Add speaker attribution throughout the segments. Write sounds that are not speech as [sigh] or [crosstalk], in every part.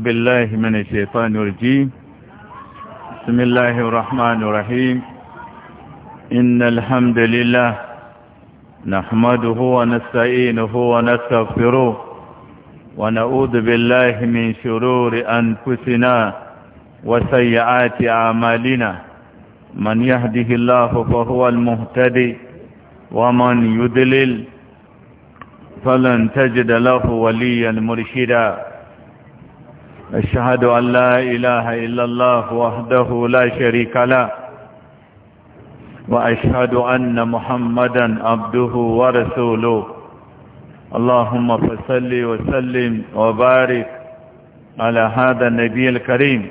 Speaker 1: بالله من الشيطان الرجيم بسم الله الرحمن الرحيم إن الحمد لله نحمده ونستعينه ونستغفره ونعوذ بالله من شرور أنفسنا وسيئات أعمالنا من يهده الله فهو المهتدي ومن يدلل فلن تجد له وليا مرشدا أشهد أن لا إله إلا الله وحده لا شريك له وأشهد أن محمدا عبده ورسوله اللهم فصل وسلم وبارك على هذا النبي الكريم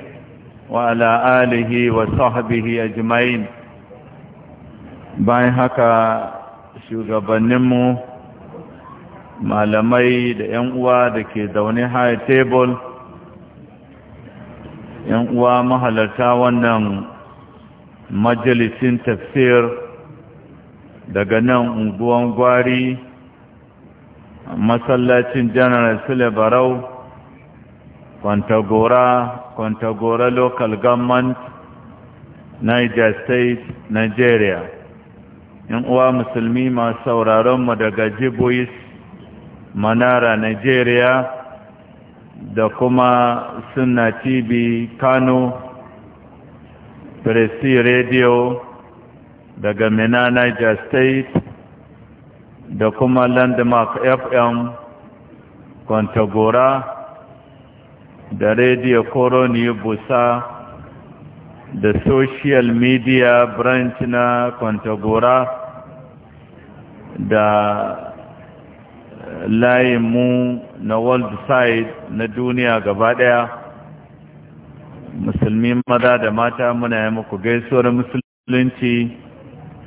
Speaker 1: وعلى آله وصحبه أجمعين bayan haka shugabanninmu malamai da 'yan uwa da ke zaune high table yan uwa mahalarta wannan majalisin tafsir daga nan unguwan gwari masallacin Janaral sule barau kwantagora kwantagora local government niger state nigeria yan uwa musulmi masu sauraronmu daga jibois manara nigeria da kuma suna tv kano presi radio daga mina niger state da kuma landmark fm Kontagora da radio koroni busa da social media branch na Kontagora da layin mu na world side na duniya gaba daya musulmi maza da mata muna yi muku gaisuwar musulunci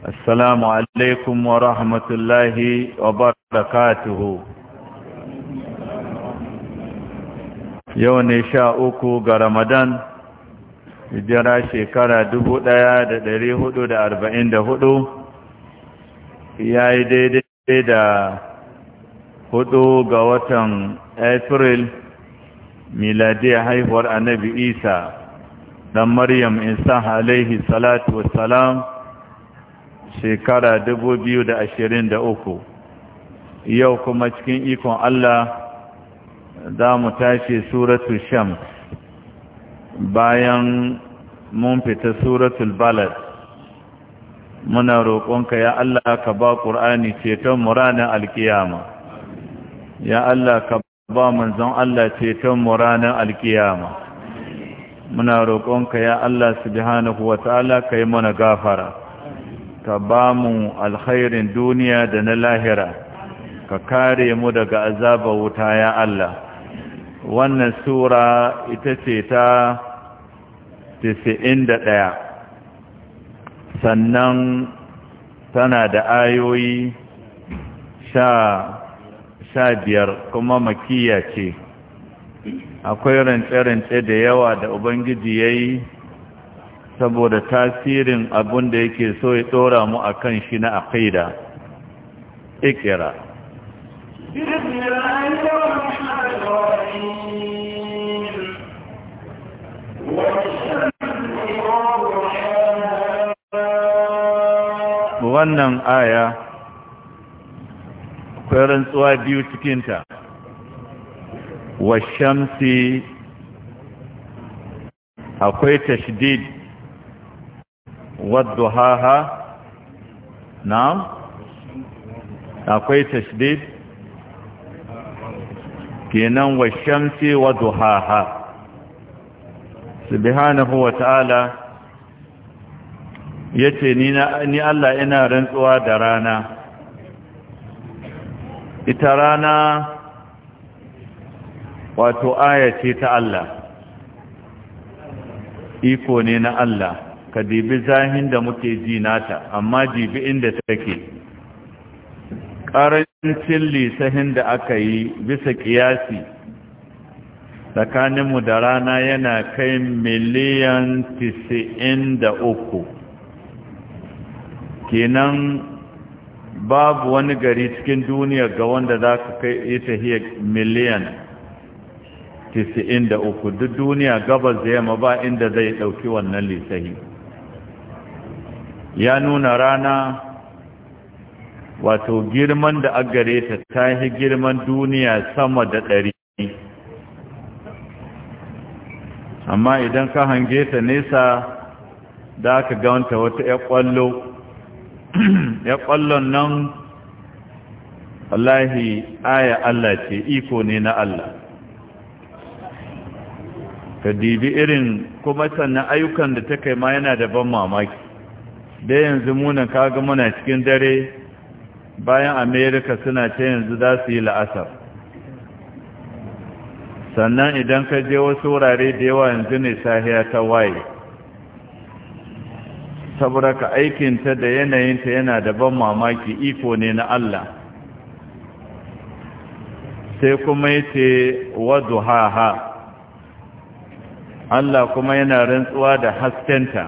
Speaker 1: assalamu alaikum wa rahmatullahi wa barakatuhu yau ne sha uku ga ramadan hijira shekara dubu ɗaya da hudu da arba'in da hudu ya yi daidai da hudu ga watan april miladiyar haihuwar annabi isa dan maryam isa alaihi salatu wassalam shekara uku, yau kuma cikin ikon Allah za mu tashi suratul shams bayan mun fita suratul balad muna roƙonka ya Allah ka ba ƙur'ani ceton muranin alkiyama ya Allah ka ba manzon Allah ceton mu ranar alkiyama muna roƙonka ya Allah subhanahu wata'ala ka yi mana gafara ka ba mu alkhairin duniya da na lahira ka kare mu daga azaba wuta ya Allah wannan sura ita ce ta da ɗaya. sannan tana da ayoyi sha sha biyar kuma makiya ce akwai rance-rance da yawa da ubangiji ya yi saboda tasirin abin da yake so ya ɗora mu a kan shi na aƙida ikira wannan aya akwai rantsuwa biyu cikinta wa shamsi akwai tashdid wadda haha na'am akwai tashdid kenan wa shamsi wa duhaha subhanahu wa ta'ala yace ni ni Allah ina rantsuwa da rana ita rana wato aya ce ta Allah iko ne na Allah ka dibi zahin da muke ji nata amma dibi inda take ƙarancin lisahin da aka yi bisa ƙiyasi tsakaninmu da rana yana kai miliyan 93 kenan babu wani gari cikin duniya ga wanda za ka kai ita hiyar miliyan 93 duk duniya gabas da yamma ba inda zai ɗauki wannan lisahi ya nuna rana wato girman da agare ta ta yi girman duniya sama da ɗari amma idan ka hange ta nesa da aka gawanta wata 'ya ƙwallo [clears throat] ya ƙwallon nan wallahi aya Allah ce iko ne na Allah ka dibi irin kuma sannan ayyukan da ta kai ma yana da ban mamaki da yanzu muna kaga muna cikin dare bayan amerika suna ce yanzu za su yi la'asar sannan idan ka je wasu wurare da yawa yanzu ne sahiya ta waye saboda ka aikinta da yanayinta yana da ban mamaki iko ne na Allah sai kuma yace ha, Allah kuma yana rantsuwa da haskenta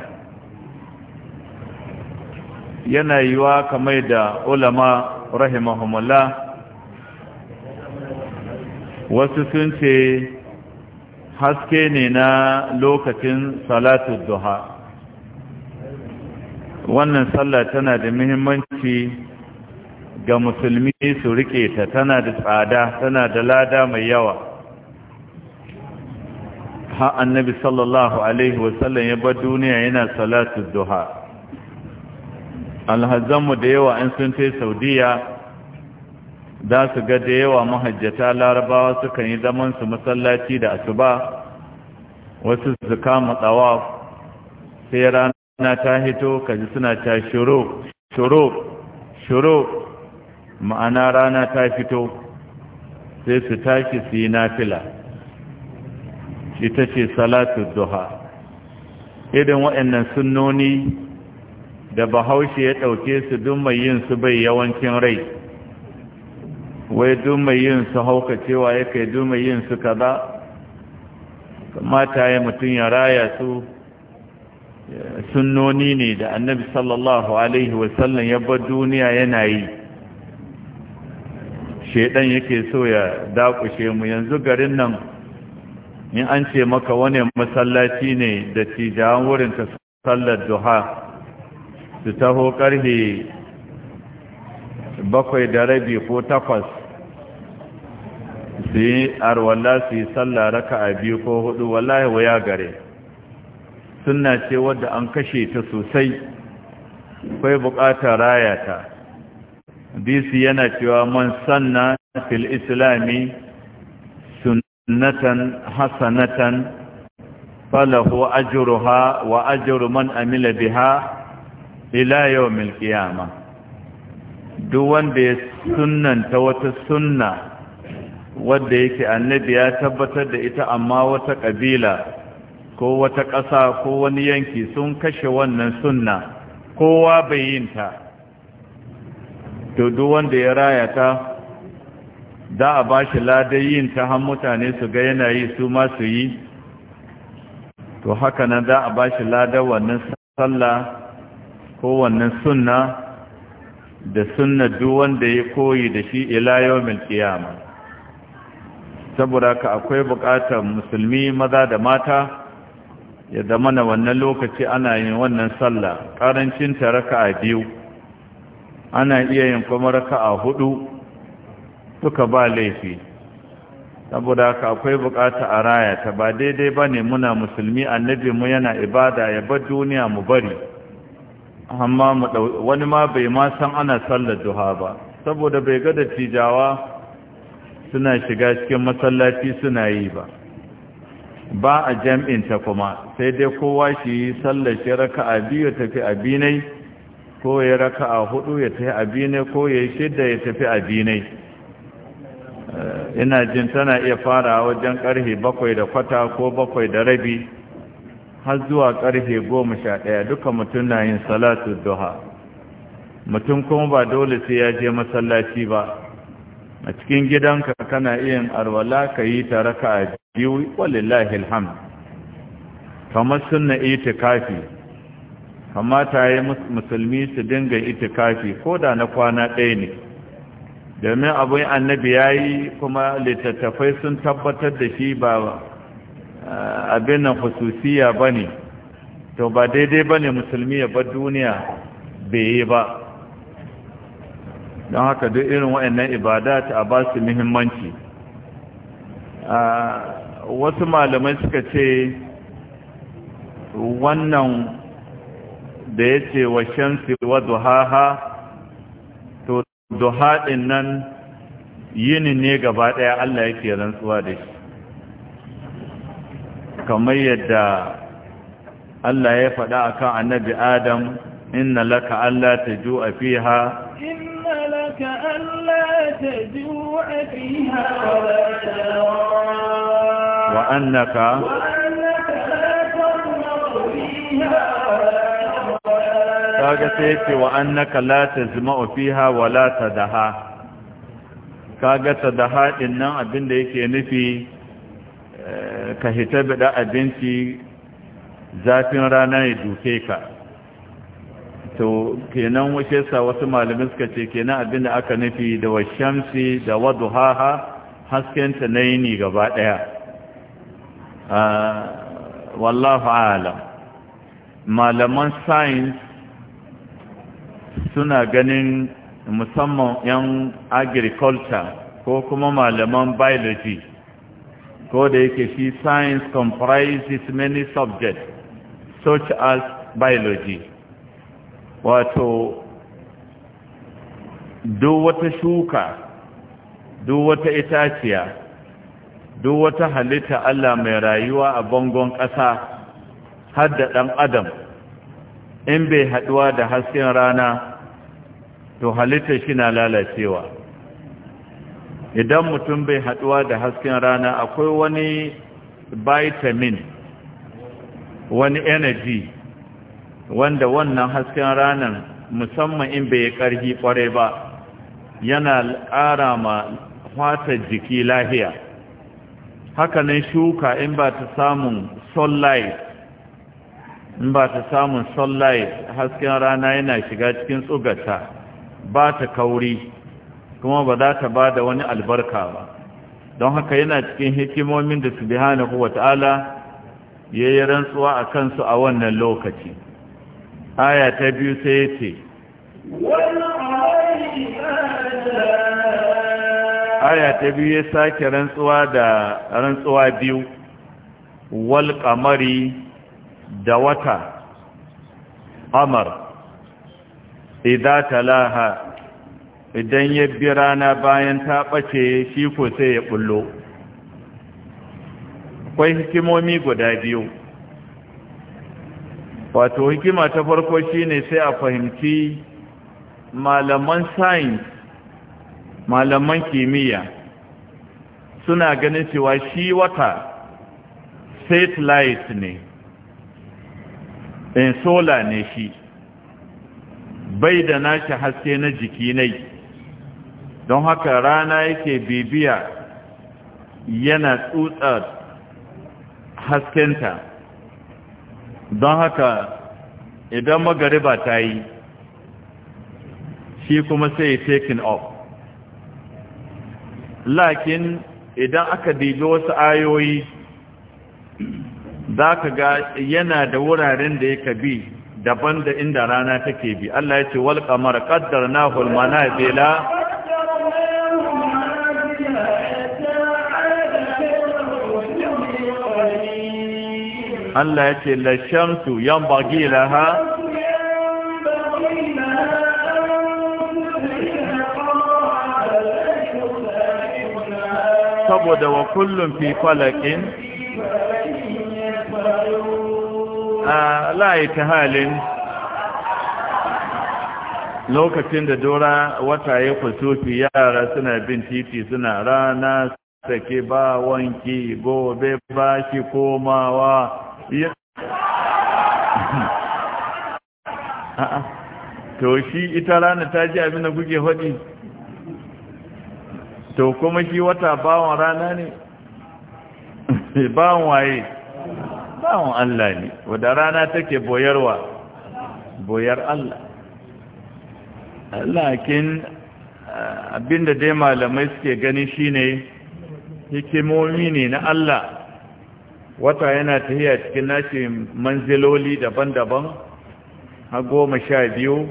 Speaker 1: yana yiwa kamar da ulama rahimahumullah wasu sun ce haske ne na lokacin salatu duha wannan sallah tana da muhimmanci ga musulmi su rike ta tana da tsada tana da lada mai yawa ha annabi sallallahu alaihi wasallam ya bar duniya yana salatu duha alhazanmu da yawa an sun tai saudiya za su ga da yawa mahajjata larabawa sukan yi zamansu masallaci da asuba wasu su kama tsawaf sai rana na ta hito kaji suna ta shiro shiro shiro ma'ana rana ta fito sai su tashi su yi nafila ta ce salatu duha Idan waɗannan sunnoni da bahaushe ya ɗauke su duk mai yin su bai yawancin rai wai duk mai yin su hauka cewa ya kai duk mai yin su kaza kamata ya mutum ya raya su sunnoni ne da annabi sallallahu alaihi wasallam ya bar duniya yana yi shedan yake so ya dakushe mu yanzu garin nan in an ce maka wani masallaci ne da tijawan wurin ta sallar duha su taho karfe bakwai da rabi ko takwas su yi arwallah su yi sallah raka a biyu ko hudu wallahi waya gare sunna ce wadda an kashe ta sosai kai buƙatar raya ta disi yana cewa man sanna fil islami sunnatan hasanatan falahu ajruha wa ajru man amila biha ila yawmil duk wanda ya sunnanta wata sunna wadda yake annabi ya tabbatar da ita amma wata kabila ko wata ƙasa ko wani yanki sun kashe wannan sunna kowa bai yin ta to duk wanda ya raya ta da a ba shi yin ta har mutane su ga yanayi su ma su yi to haka nan da a ba shi ladar wannan sallah ko wannan sunna da sunna duk wanda ya koyi da shi ila yawmin qiyama saboda ka akwai bukatar musulmi maza da mata ya zama na wannan lokaci ana yin wannan sallah ƙarancin ta a biyu ana iya yin kuma a hudu suka ba laifi saboda haka akwai bukata a raya ta ba daidai ba ne muna musulmi annabi mu yana ibada ya bar duniya mu bari amma wani ma bai ma san ana sallar duha ba saboda bai ga dattijawa suna shiga cikin masallaci suna yi ba ba a ta kuma sai dai kowa shi yi ya raka a biyu ya tafi abinai ko ya raka a hudu ya tafi abinai ko ya yi shidda ya tafi abinai eh, ina jin tana iya fara wajen karhe bakwai da kwata ko bakwai da rabi har zuwa karhe goma sha ɗaya duka mutum na yin salatu duha mutum kuma ba dole sai ya je masallaci ba a cikin gidanka kana iya arwala ka yi ta raka biyu walillahi alhamd kamar sunna itikafi kamata yi musulmi su dinga itikafi ko da na kwana ɗaya ne domin abin annabi ya yi kuma littattafai sun tabbatar da shi ba eh, abin nan hususiya ba ne to ba daidai ba ne musulmi ya bar duniya bai yi ba don haka duk irin waɗannan ibada ta ba su muhimmanci wasu malamai suka ce wannan da ya ce wa shamsi wa duhaha to duhaɗin nan yini ne gaba ɗaya Allah yake rantsuwa da shi kamar yadda Allah ya faɗa akan annabi Adam inna laka Allah ta ju a fiha
Speaker 2: كأن لا تجوع فيها ولا ترى وأنك وأنك لا تضمر فيها ولا ترى
Speaker 1: وأنك لا تزمع فيها ولا تدها kaga tadaha din nan abin da yake nufi ka hita bada abinci zafin rana ya duke ka to kenan wace sa wasu malamin suka ce kenan da aka nufi da washamsi da waduhaha hasken ta nayi gaba daya wallahu alam malaman science suna ganin musamman yan agriculture ko kuma malaman biology ko da yake shi science comprises many subjects such as biology wato duk wata shuka duk wata itaciya duk wata halitta Allah mai rayuwa a bangon ƙasa har da ɗan adam in bai haɗuwa da hasken rana to halitta shi na lalacewa idan mutum bai haɗuwa da hasken rana akwai wani vitamin wani energy wanda wannan hasken ranar musamman in bai ƙarfi ƙwarai ba yana ƙara ma fatar jiki lahiya hakanan shuka in ba ta samun sunlight in ba ta samun sunlight hasken rana yana shiga cikin tsugata ba ta kauri kuma ba za ta ba da wani albarka ba don haka yana cikin hikimomin da su subhanahu wata'ala ya yi rantsuwa a kansu a wannan lokaci aya ta biyu sai ya ce aya ta biyu ya sake rantsuwa da rantsuwa biyu wal kamari da wata amar idza talaha idan ya bi rana bayan ta bace shi ko sai ya bullo akwai hikimomi guda biyu wato hikima ta farko shine sai a fahimci malaman science malaman kimiyya suna ganin cewa shi wata satellite ne in eh, solar ne shi bai da nashi haske na jiki nai don haka rana yake bibiya yana tsutsar haskenta don haka idan magariba ta yi shi kuma sai ya taken off lakin idan aka dibi wasu ayoyi za ka ga yana da wuraren da ya bi daban da inda rana take bi Allah ya ce wal qamara qaddarnahu al manazila Allah ya ce la shamsu yanbaghi laha saboda wa kullum fi falakin a ta halin lokacin da dora wata ya kusurfi yara suna bin titi suna rana sake ba wanki gobe ba shi komawa to shi ita rana ta ji abin da kuke faɗi to kuma shi wata bawan rana ne [laughs] bawan waye bawan Allah ne wadda rana take boyarwa boyar Allah lakin abinda dai malamai suke gani shine hikimomi ne na Allah wata yana tafiya cikin nashi manziloli daban-daban har goma sha biyu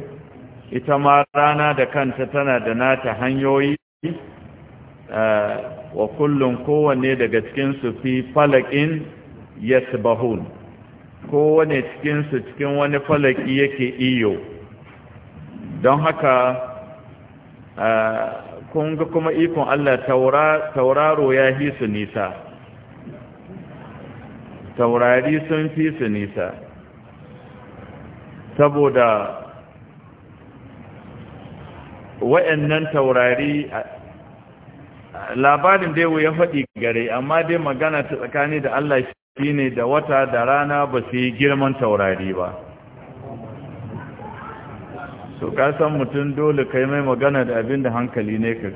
Speaker 1: ita ma rana da kanta tana da nata hanyoyi eh, wa kullum kowanne daga cikinsu fi falakin yasbahun kowane cikinsu cikin wani falaki yake iyo don haka eh, kun kuma ikon Allah tauraro ya hisu nisa taurari sun fi su nisa saboda wa'annan taurari labarin dai ya faɗi gare amma dai magana ta tsakani da Allah shi ne da wata da rana ba su yi girman taurari ba so kasan mutum dole kai mai magana da abin da hankali ne ka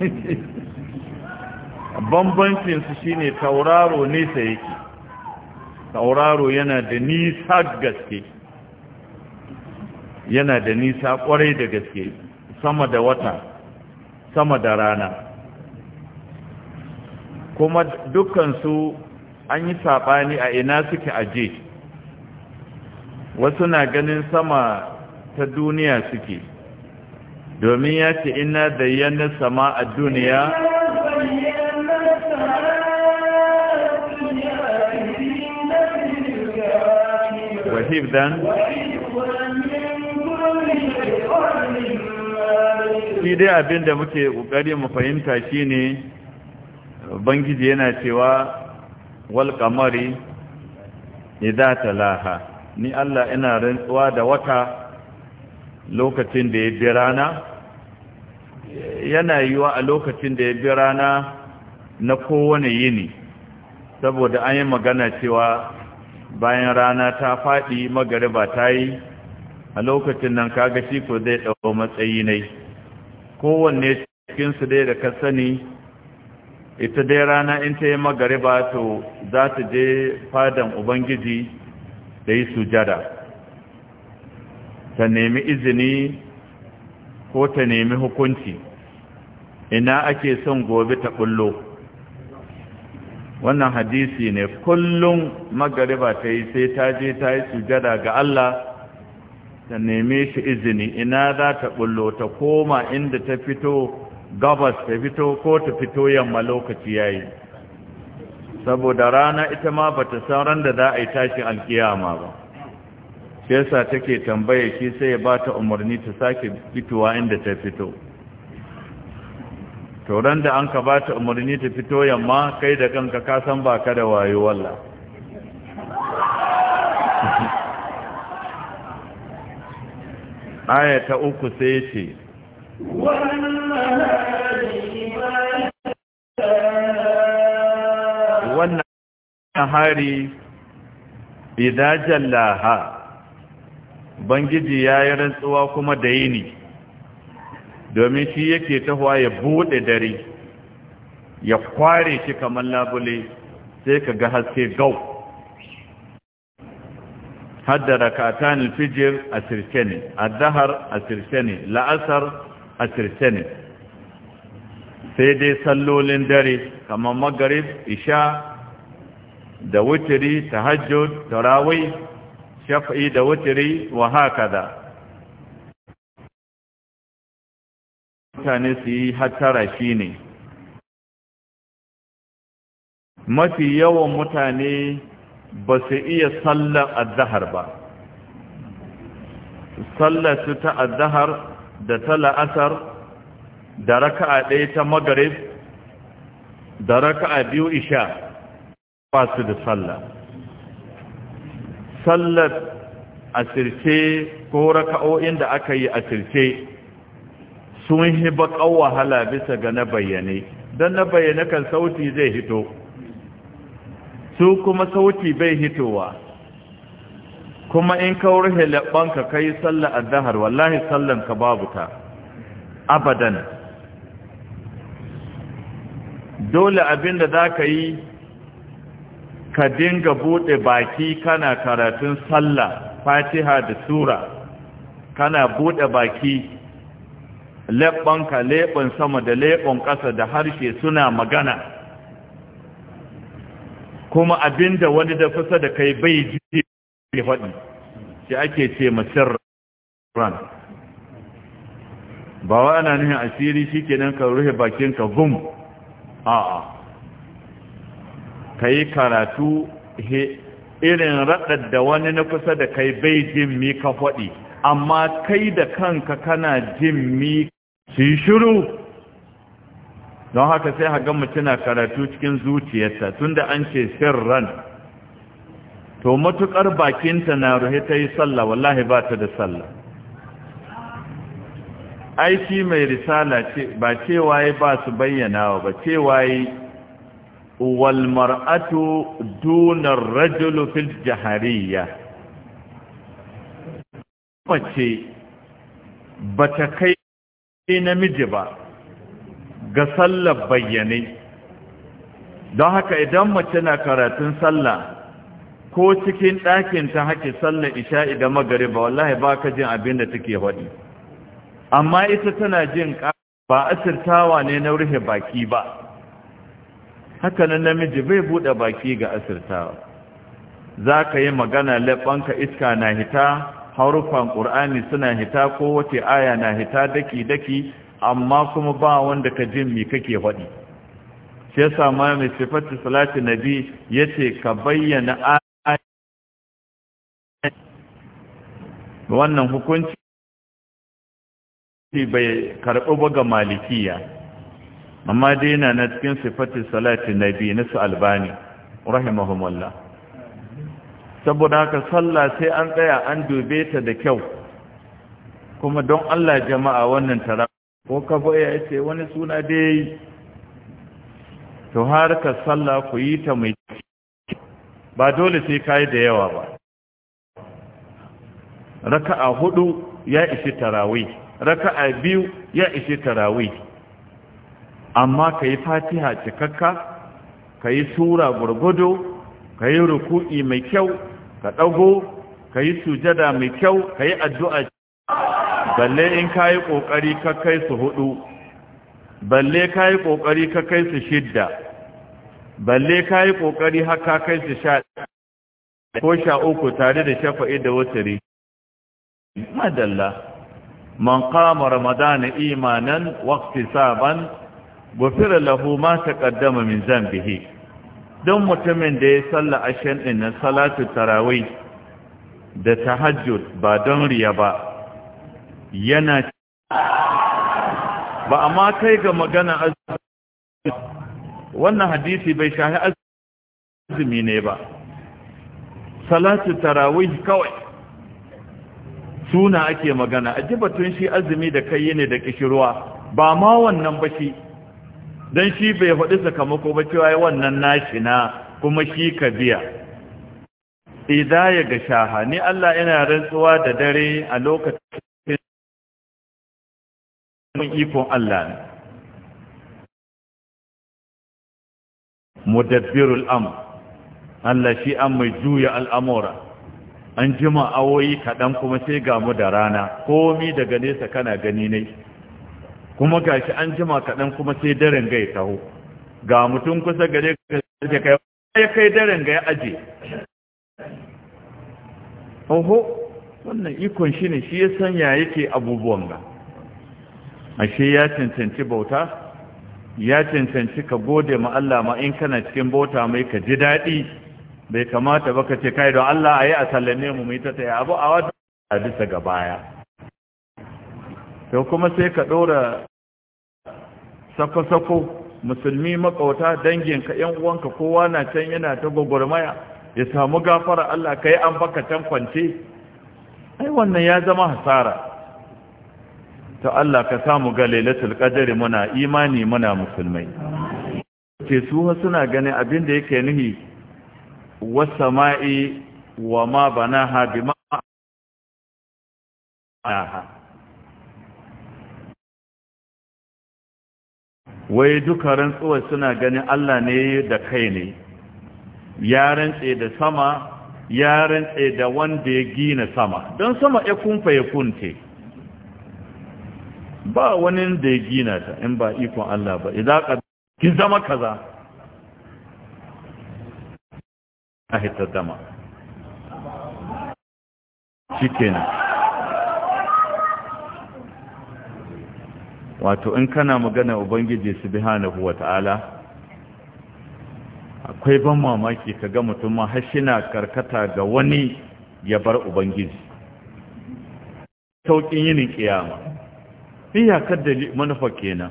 Speaker 1: [laughs] bambancin su shine tauraro nesa yake tauraro yana da nisa gaske yana da nisa kwarai da gaske sama da wata sama da rana kuma dukansu an yi saɓani a ina suke aje wasu na ganin sama ta duniya suke domin ya ce ina da yana sama a duniya
Speaker 2: hifdan shi dai
Speaker 1: abin da muke ƙoƙari mu fahimta shi ne bangiji yana cewa wal kamari idza talaha ni Allah ina rantsuwa da wata lokacin da ya bi rana yana yiwa a lokacin da ya bi rana na kowane yini saboda an yi magana cewa bayan rana ta faɗi magariba ta yi a lokacin nan kaga shi ko zai ɗau matsayi ne kowanne cikinsu dai da ka sani ita dai rana in ta yi magariba to za ta je fadan ubangiji da yi sujada ta nemi izini ko ta nemi hukunci ina ake son gobe ta ɓullo wannan hadisi ne kullum magariba ta yi sai ta je ta yi sujada ga Allah ta neme shi izini ina za ta bullo ta koma inda ta fito gabas ta fito ko ta fito yamma lokaci ya yi saboda rana ita ma ba ta san ran da za a yi tashin alkiyama ba shi yasa take tambaye shi sai ya ba ta umarni ta sake fitowa inda ta fito ran da an ka ba ta umarni ta fito yamma kai da kanka ka san ba ka da wayo walla. aya ta uku sai ce wannan hari Jallaha, bangiji ya yi rantsuwa kuma da yini domin shi yake tahowa ya buɗe dare ya kware shi kamar labule sai ka ga haske gau hadda rakatan fijir a sirke ne adahar a sirke ne la'asar a sirke ne sai dai sallolin dare kamar magarib isha da hajjo tahajjud rawai shafi da wutiri
Speaker 3: wa haka mutane su yi hattara shi ne mafi
Speaker 1: yawan mutane ba su iya sallar azahar ba sallar su ta azahar da ta la'asar da raka a ɗaya ta magarib da raka a biyu isha ba su da sallar sallar asirce ko raka'o'in da aka yi asirce sun hi baƙan wahala bisa ga na bayyane don na bayyane kan sauti zai hito su kuma sauti bai hitowa kuma in ka rufe laɓanka ka yi sallar azahar wallahi sallanka babu ta abadan dole abinda za ka yi ka dinga buɗe baki kana karatun sallah fatiha da sura kana buɗe baki leɓɓanka leɓɓan sama da leɓɓan ƙasa da harshe suna magana kuma abinda wani da kusa da kai bai ji faɗi shi ake ce masirran ba wa ana nuhin asiri shi kenan ka rufe bakinka vum a'a ka yi karatu irin raɗar da wani na kusa da kai bai jin mi ka faɗi amma kai da kanka kana jin mi su yi shiru don haka sai hagan mutum na karatu cikin zuciyarta tunda an ce sirran to matukar bakinta na ruhe ta yi sallah wallahi ba ta da sallah aiki mai risala ce ba cewa ya ba su bayyana ba cewa yi wal mar'atu dunar rajulu fil jahariya mace ba ta kai sai namiji ba ga sallar bayyane don haka idan mace na karatun sallah ko cikin ɗakin ta haƙi sallar isha'i da magariba wallahi ba ka jin abin da take waɗi amma ita tana jin ba asirtawa ne na rufe baki ba haka nan namiji bai buɗe baki ga asirtawa za ka yi magana laɓanka iska na hita haruffan ƙur'ani suna hita ko wace aya na hita daki-daki amma kuma ba wanda ka jin mi kake faɗi shi yasa ma mai sifatu salati nabi
Speaker 3: yace ka bayyana wannan hukunci bai karɓi ba ga malikiya
Speaker 1: amma dai yana na cikin sifatu salati nabi na su albani rahimahumullah saboda haka sallah sai an tsaya an dube ta da kyau kuma don Allah jama'a wannan tara ko ka ya ce wani suna dai to har ka sallah ku yi ta mai ba dole sai kai da yawa ba raka'a hudu ya ishi tarawih raka'a biyu ya ishi tarawih amma ka yi fatiha cikakka ka yi sura gurgudu ka yi ruku'i mai kyau ka ɗago ka yi sujada mai kyau ka yi addu'a balle in ka yi ƙoƙari ka kai su hudu balle ka yi ƙoƙari ka kai su shidda balle ka yi ƙoƙari haka kai su sha ko sha uku tare da shafa'i da wutari madalla man kama ramadana imanan saban gufira lahu ma taqaddama min zambihi don mutumin da ya salla ashen ɗin na salatu tarawai da tahajjud ba don riya ba yana ba amma kai ga magana azumi wannan hadisi bai shahi azumi ne ba salatu tarawai kawai suna ake magana a jibatun shi azumi da kai ne da kishirwa ba ma wannan ba shi don shi bai faɗi sakamako ba cewa wannan nashi na kuma
Speaker 3: shi ka biya idan ya ga shaha ni Allah yana rantsuwa da dare a lokacin ikon Allah ne mudabbirul amr
Speaker 1: Allah shi an mai juya al'amura an jima awoyi kaɗan kuma sai gamu da rana komi daga nesa kana gani ne kuma gashi an jima kaɗan kuma sai daren gai taho ga mutum kusa gare ka kai ya kai daren gai aje oho wannan ikon shi ne shi ya sanya yake abubuwan ga ashe ya cancanci bauta ya cancanci ka gode ma Allah ma in kana cikin bauta mai ka ji daɗi bai kamata ba ka ce kai don Allah a yi a sallame mu mai ta taya abu a wata a bisa ga baya to kuma sai ka ɗora sako-sako musulmi makauta danginka yan uwanka kowa na can yana ta gwagwarmaya ya samu gafara Allah kai an baka can kwance ai wannan ya zama hasara ta Allah ka samu ga lailatul qadri muna imani muna musulmai ce su suna ganin abin da yake nuhi
Speaker 3: wasama'i wa ma banaha bi ma'a wai duka rantsuwa suna ganin Allah ne da kai ne
Speaker 1: ya rantse da sama ya rantse da wanda ya gina sama don sama ya kunfa ya kunte ba wani da ya gina ta in ba ikon Allah ba idan ka ki zama kaza a hita dama shi kenan wato in kana magana ubangiji subhanahu ta'ala? akwai ban mamaki ka ga mutum ma hashina karkata ga wani ya bar ubangiji saukin yinin kiyama iyakar da manufa kenan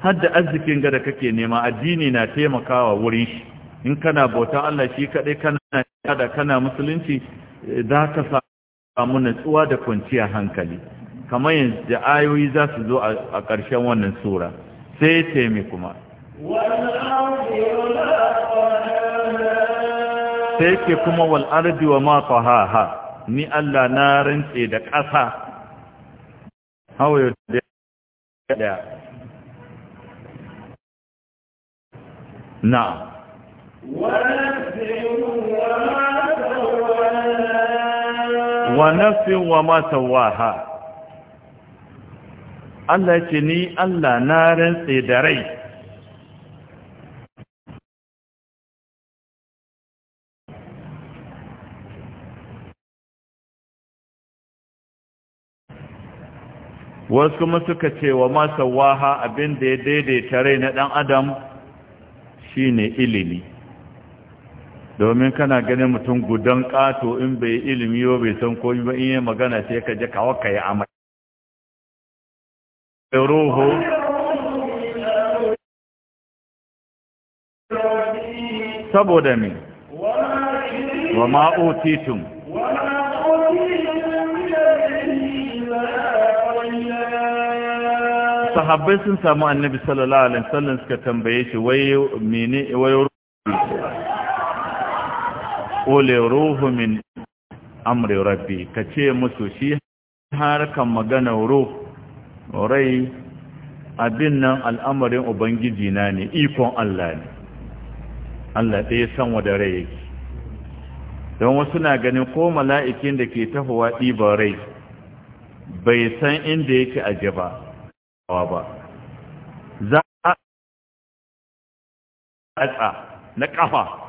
Speaker 1: har arzikin ga da kake nema addini na taimakawa wurin shi in kana bauta Allah shi kadai kana da kana musulunci eh, za ka samu natsuwa da kwanciyar hankali kamar yanzu da ayoyi za su zo a ƙarshen wannan sura sai ya taimi kuma sai ke kuma wal'ardi wa mako ha ni Allah na rantse
Speaker 3: da ƙasa hawaye da ɗaya na wa
Speaker 1: nafsin wa mata wa ha Allah ce ni Allah na
Speaker 3: rantse da rai wasu kuma suka ce wa masa waha abin
Speaker 1: da ya daidaita rai na ɗan adam shine ilimi domin kana ganin mutum gudan ƙato in bai ilimi yau bai san yi ba in yi magana
Speaker 3: sai ka je kawo ka yi amai روحه saboda
Speaker 2: وما
Speaker 1: wa sahabbai sun samu annabi sallallahu alaihi wasallam suka tambaye shi waye mene waye ole ruhu min amri rabbi kace musu shi harkan magana ruhu rai abin nan al'amarin ubangiji na ne ikon Allah ne Allah ɗaya san wa da rai yake don wasu na ganin ko mala'ikin da ke tafawa ɗiban rai
Speaker 3: bai san inda yake aje ba ba za a na ƙafa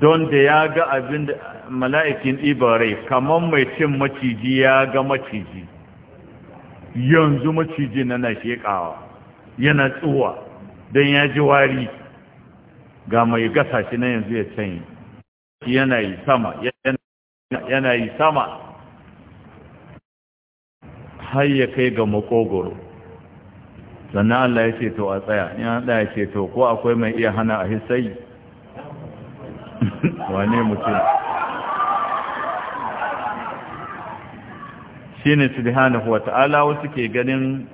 Speaker 3: don da ya ga abin da
Speaker 1: mala'ikin ibarai kamar mai cin maciji ya ga maciji yanzu maciji na na shekawa yana tsuwa don ya ji wari ga mai gasa shi na yanzu ya canyi yana yi sama yana yi sama har ya kai ga makogoro sannan Allah ya ce to a tsaya ya ce to ko akwai mai iya hana a hisayi [laughs] wane mutum shi ne subhanahu wa ta'ala wasu ke ganin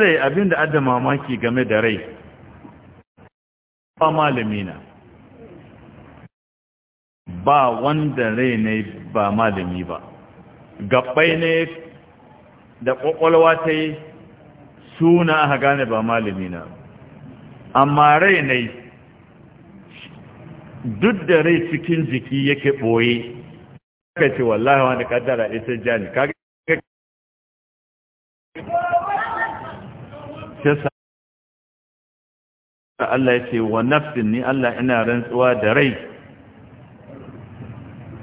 Speaker 1: rai abin da adda mamaki game da rai ba malami na ba wanda rai ne ba malami ba gabbai ne da ƙwaƙwalwa ta yi suna aka gane ba malami na amma rai ne duk da rai cikin jiki yake ɓoye
Speaker 3: ka ce wallahi wani kaddara ita jani kaga Allah
Speaker 1: ya ce wa nafsin ni Allah ina rantsuwa da rai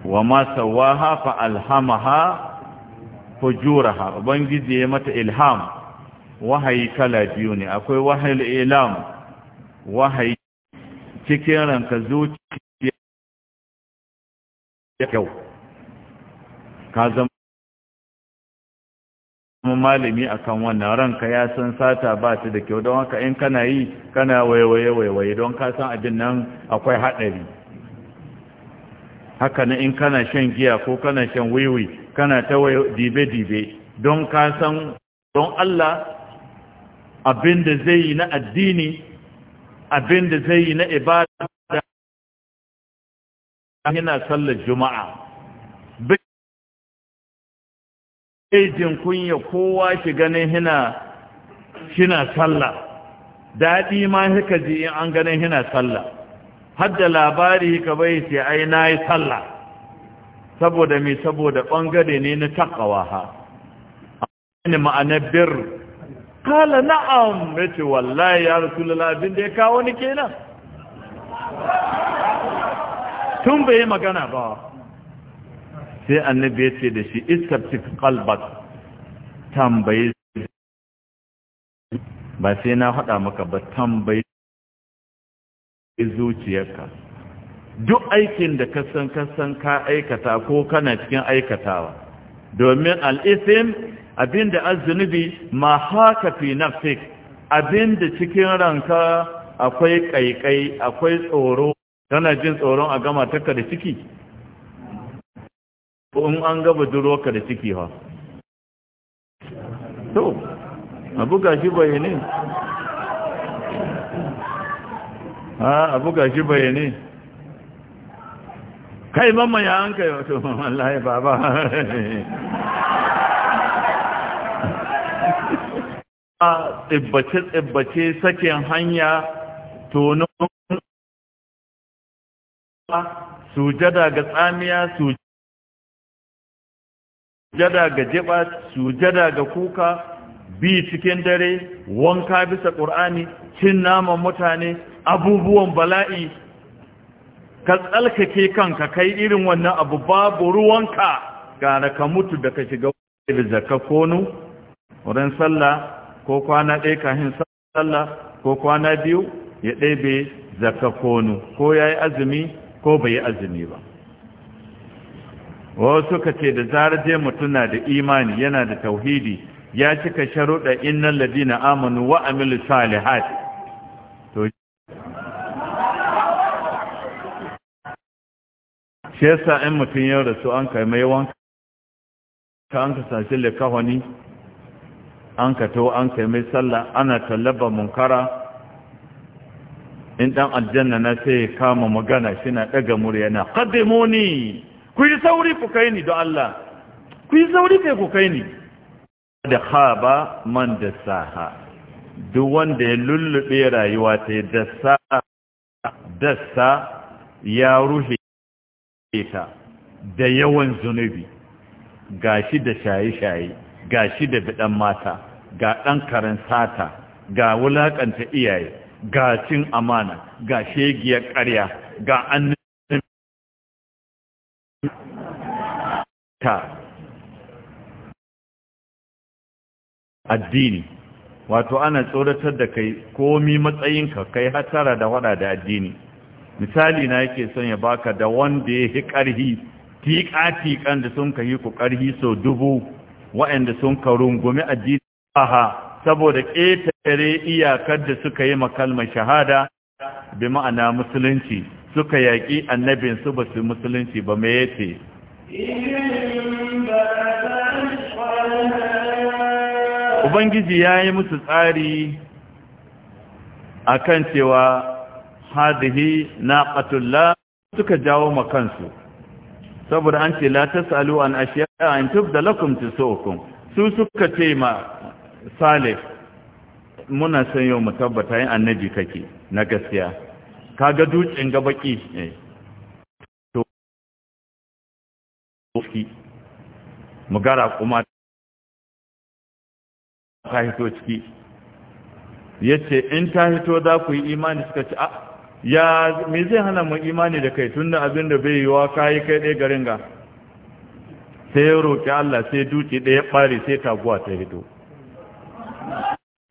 Speaker 1: wa ma sawaha fa alhamaha ha ubangiji ya mata ilham wahayi kala biyu ne akwai wahayi ilam wahayi
Speaker 3: cikin ranka zuciya kyau ka zama malami
Speaker 1: akan wannan ranka ya san sata ba ta da kyau don haka in kana yi kana waiwaye waiwaye don ka san abin nan akwai haɗari haka na in kana shan giya ko kana shan wiwi kana ta dibe-dibe don ka san don Allah abin da zai yi na addini abin
Speaker 3: da zai yi na ibada yana sallar juma'a bejin kunya kowa
Speaker 1: shi ganin hina shina sallah daɗi ma haka ji in an ganin hina sallah hadda labari ka bai ce ai na yi sallah saboda mai saboda bangare ne na takawa ha ma'anar bir kala na'am ya wallahi ya rasulullah abin da ya kawo ni kenan tun bai magana ba sai annabi ya ce da shi istabtik qalbak tambayi ba sai na haɗa maka ba tambayi zuciyarka duk aikin da kasan kasan ka aikata ko kana cikin aikatawa domin al'isim abinda azzunubi ma haka fi nafsik abinda cikin ranka akwai kaikai akwai tsoro tana jin tsoron a gama taka da ciki in an gaba duro ka da ciki ha to abu gashi bayani? ha abu gashi bayani? kai mamma ya an kai wato mamman baba [laughs] tsibbace-tsibbace sakin hanya tonon
Speaker 3: sujada ga tsamiya sujada ga jiba sujada ga kuka
Speaker 1: bi cikin dare wanka bisa ƙur'ani cin naman mutane abubuwan bala'i ka tsalkake kanka kai irin wannan abu babu ruwanka gara ka mutu da ka shiga da konu wurin sallah ko kwana ɗaya kahin sallah ko kwana biyu ya bai zakka konu ko ya yi azumi ko bai yi azumi ba wasu ka ce da zarar dai mutum na da imani yana da tauhidi ya cika sharuɗa innal ladina amanu wa amilu salihat to shi yasa in mutum ya rasu an kai mai wanka an kasance sashi likahoni an ka to an kai mai sallah ana tallaba munkara in dan aljanna na sai kama magana shi na daga murya na qaddimuni ku yi sauri ku kai ni don Allah ku yi sauri kai ku kai ni da khaba man da saha duk wanda ya lullube rayuwa ta da sa dassa ya rufe ta da yawan zunubi gashi da shaye-shaye ga shi da biɗan mata ga ɗan karen sata ga wulaƙanta iyaye ga cin amana
Speaker 3: ga shegiyar ƙarya ga an ta
Speaker 1: addini wato ana tsoratar da kai komi matsayinka kai hatara da wada da addini misali na yake son ya baka da wanda ya hi ƙarhi tiƙa-tiƙan da sun ka yi ku ƙarhi sau dubu wa'anda sun karungumi addini aha saboda ƙetare iyakar da suka yi makalmar shahada bi ma'ana musulunci suka yaƙi annabin su ba su musulunci ba me yace ubangiji ya yi musu tsari a kan cewa hadihi naqatullah suka jawo makansu saboda an ce la tasalu an ashiya an tubda lakum tusukum su suka ce ma salih muna son yau mu tabbata yin annabi kake na gaskiya
Speaker 3: kaga dutsen gabaki eh. to mu gara kuma ta hito ciki yace in ta hito za ku yi imani suka ce
Speaker 1: a ya me zai hana mu imani da kai tunda abin da bai yiwa kai kai dai garin ga sai ya roki Allah sai duki ɗaya bare sai taguwa ta hito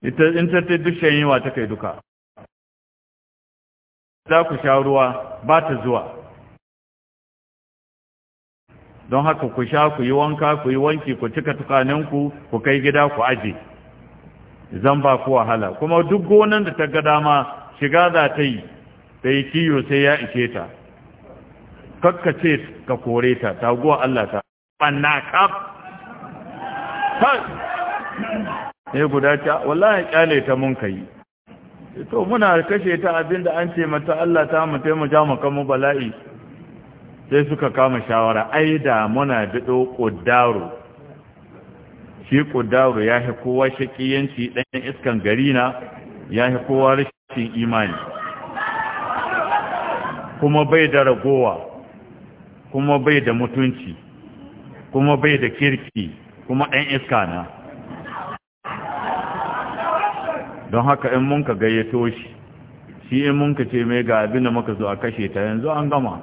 Speaker 3: ita in ta ta dushen yiwa ta kai duka za ku sha ruwa ba ta zuwa
Speaker 1: don haka ku sha ku yi wanka ku yi wanki ku cika tukaninku ku kai gida ku aje zan ba ku wahala kuma duk gonan da ta ga dama shiga za ta yi ta yi kiyo sai ya ishe ta kakkace ka kore ta taguwa Allah ta banna kaf ne guda ta wallahi kyale ta mun kai to muna kashe ta abinda an ce mata Allah ta mu taimu ja mu kan bala'i sai suka kama shawara ai da muna biɗo, kuddaro shi kuddaro ya kowa shakiyanci dan iskan gari na ya kowa rashin imani kuma bai da ragowa kuma bai da mutunci kuma bai da kirki kuma ɗan iska na don haka in mun ka gayyato shi shi in mun ka ce mai ga abin da muka zo a kashe ta yanzu an gama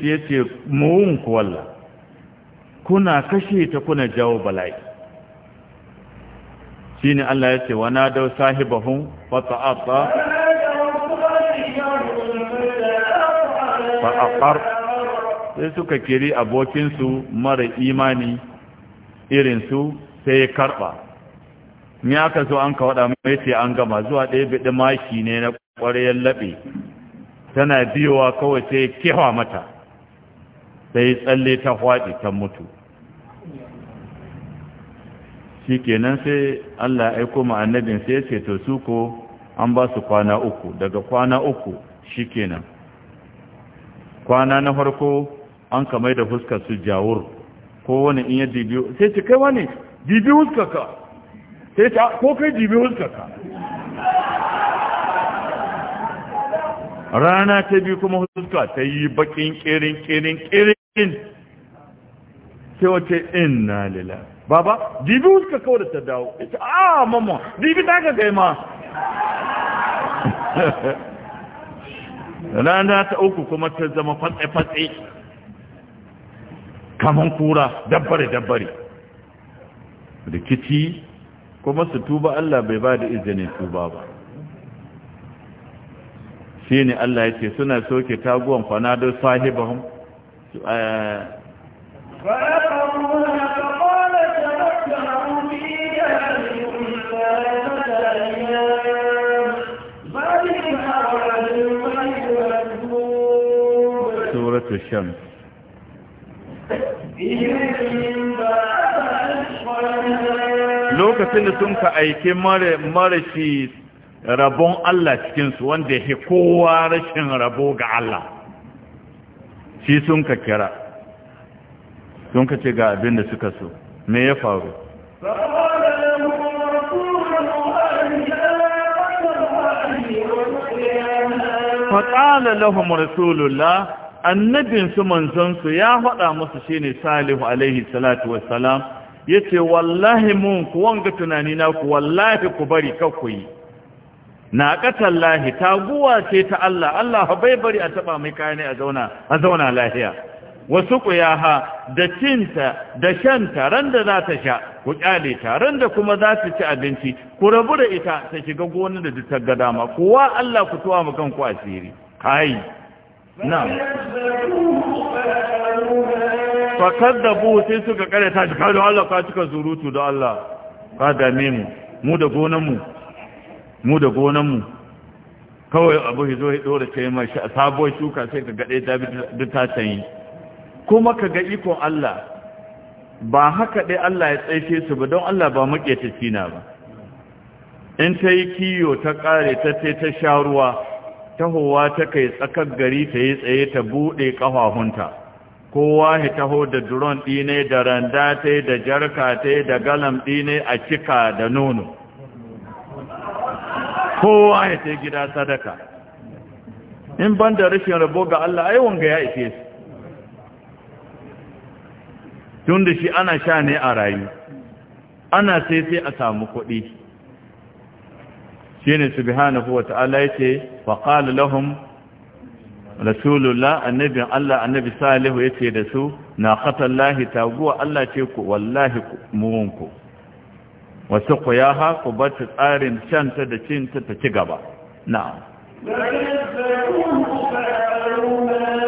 Speaker 1: su ya ce muhun kuwalla kuna kashe ta kuna jawo bala'i shi ne Allah ya ce wana dau sahibahun fata'ata fa aqar sai suka kiri abokinsu mara imani irinsu sai ya karba ni aka zo an ka wada mai ce an gama zuwa ɗaya biɗi maki ne na ƙwariyar laɓe tana biyowa kawai sai kewa mata sai tsalle ta hwaɗi ta mutu shi kenan sai Allah ya aiko maannabin annabin sai ya ce to su ko an ba su kwana uku daga kwana uku shi kenan kwana na farko an mai da fuskar su jawur ko wani in ya dibi sai ce kai wani dibi fuskarka sai ce ko kai dibi fuskarka rana ta biyu kuma huska ta yi bakin kirin kirin kirin sai wace na lila baba dibi fuska kawai da ta dawo ita a mamma dibi ta ka gaima ma [laughs] rana ta uku kuma ta zama fatse-fatse kamar kura dabbare-dabbare rikici kuma su tuba Allah bai ba da izinin tuba ba shi ne Allah ya ce suna soke taguwan fanadar sahibahun الشمس lokacin da sun ka aiki marashi rabon Allah cikinsu wanda ya kowa rashin rabo ga Allah shi sun ka kira sun ka ce ga abin da suka so me ya faru faƙala lahum rasulullah annabinsu manzonsu ya faɗa musu shi ne salihu alaihi salatu wassalam ya ce wallahi mun ku wanga tunani na ku wallahi ku bari kakwai na ƙatan lahi guwa ce ta Allah Allah bai bari a taɓa mai kayan a zauna lahiya wasu ku ya ha da cinta da shanta ran da za ta sha ku kyale taron da kuma za ta ci abinci ku rabu da ita ta shiga gonar da ta ga dama kowa Allah ku tuwa mu ku asiri kai fakar da buhu sai suka kare ta shi kawai Allah ka cika zurutu da Allah ka dame mu mu da gonan mu da kawai abu hizo ya dora kai mai sabuwar shuka sai ka gade ta ta kuma ka ga ikon Allah ba haka ɗai Allah ya tsaishe su ba don Allah ba maƙetaci na ba in ta yi kiyo ta ƙare ta sai ta sha ruwa tahowa ta kai tsakar gari ta yi tsaye ta buɗe ƙafafunta kowa ya taho da duron ɗine da randa ta da jarka ta da galam ɗine a cika da nono kowa ya ta gida sadaka in ban da rashin rabo ga Allah ai wanga ya ife su tun da shi ana sha ne a rayu ana sai sai a samu kuɗi shine subhanahu wata'ala yace fa qala lahum rasulullah annabi Allah annabi salihu yace da su na khatallahi taguwa Allah ce ku wallahi muwanku. wasu ku ya haku ba ta tsarin canta da cinta ta ci gaba na'am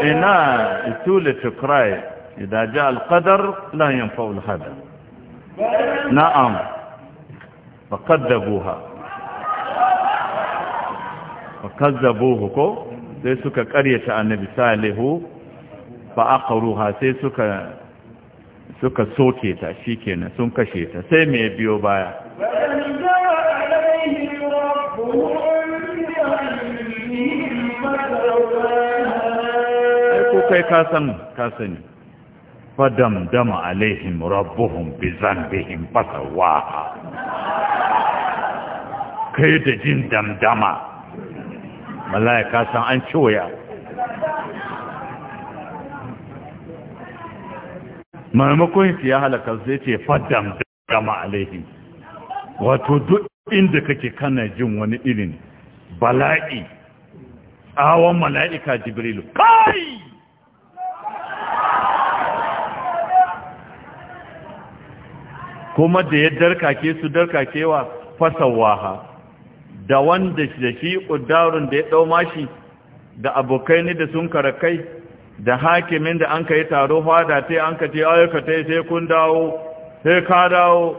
Speaker 1: ina itule to cry idan ja alqadar la yanfa'u alhadar na'am faqaddabuha fa kazzabuhu ko sai suka karyata annabi salihu fa aqruha sai suka suka soke ta shikenan sun kashe ta sai me biyo baya ko kai ka san ka dama alaihim rabbuhum bi zanbihim fasawaha kai da jin damdama Malayaka san an ci maimakon su ya halaka zai ce fadam dama alaihi wato duk inda kake kana jin wani irin bala'i tsawon mala'ika jibrilu
Speaker 3: kai
Speaker 1: kuma da ya darkake su darkakewa fasawaha da wanda da shi ƙuddarun da ya ɗau mashi da abokai ne da sun karakai da hakimin da an ka yi taro fada ta an ka ce sai kun dawo sai ka dawo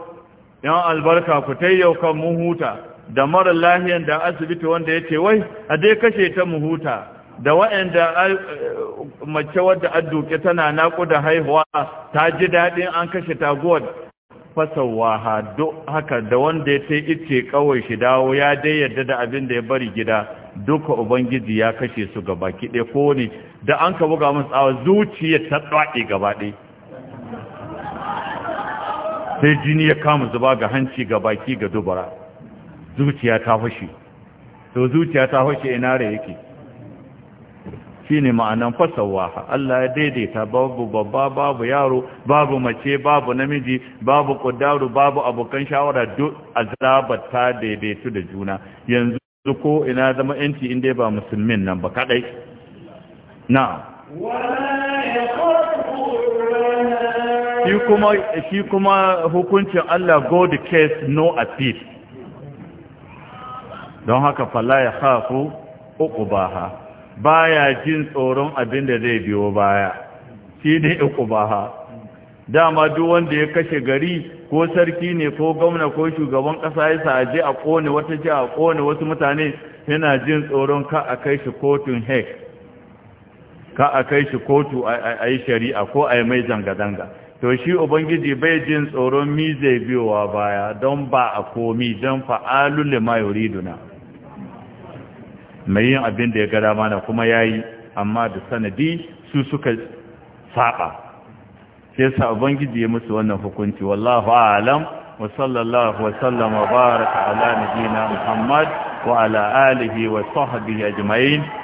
Speaker 1: yan albarka ku ta yau yaukan muhuta da mara lahiyan da asibiti wanda ya ce wai a dai kashe ta mu huta da mace wadda adduke tana naƙuda haihuwa ta ji daɗin an kashe taguwar fasawaha duk haka da wanda ya ta ice kawai shi dawo ya dai yadda da abin da ya bari gida duka ubangiji ya kashe su gaba kiɗe ko ne da an ka buga musu tsawa zuciya ta tsaɗe gaba sai jini ya kama zuba ga hanci ga baki ga dubara zuciya ta fashe to zuciya ta fashe ina re yake shine ma'anan fasawaha Allah ya daidaita babu babba babu yaro babu mace babu namiji babu kudaru babu abokan shawara duk azabar ta daidaitu da juna yanzu ko ina zama yanci inda ba musulmin nan ba kadai na shi kuma shi kuma hukuncin Allah go the case no appeal don haka fala ya khafu uqubaha baya jin tsoron abin da zai biyo baya shi ne ha dama duk wanda ya kashe gari ko sarki ne ko gwamna ko shugaban kasa ya saje a kone wata ji a kone wasu mutane yana jin tsoron ka a kai shi kotun hek ka a kai shi kotu a yi shari'a ko a yi mai zanga-zanga to shi ubangiji bai jin tsoron mi zai biyowa baya don ba a komi don fa'alu lima yuriduna mai yin abin da ya gara mana kuma ya yi amma da sanadi su suka saba sai sa ubangiji ya musu wannan hukunci wallahu alam wa
Speaker 3: sallallahu wa wa baraka ala nabiyina muhammad wa ala alihi wa sahbihi ajma'in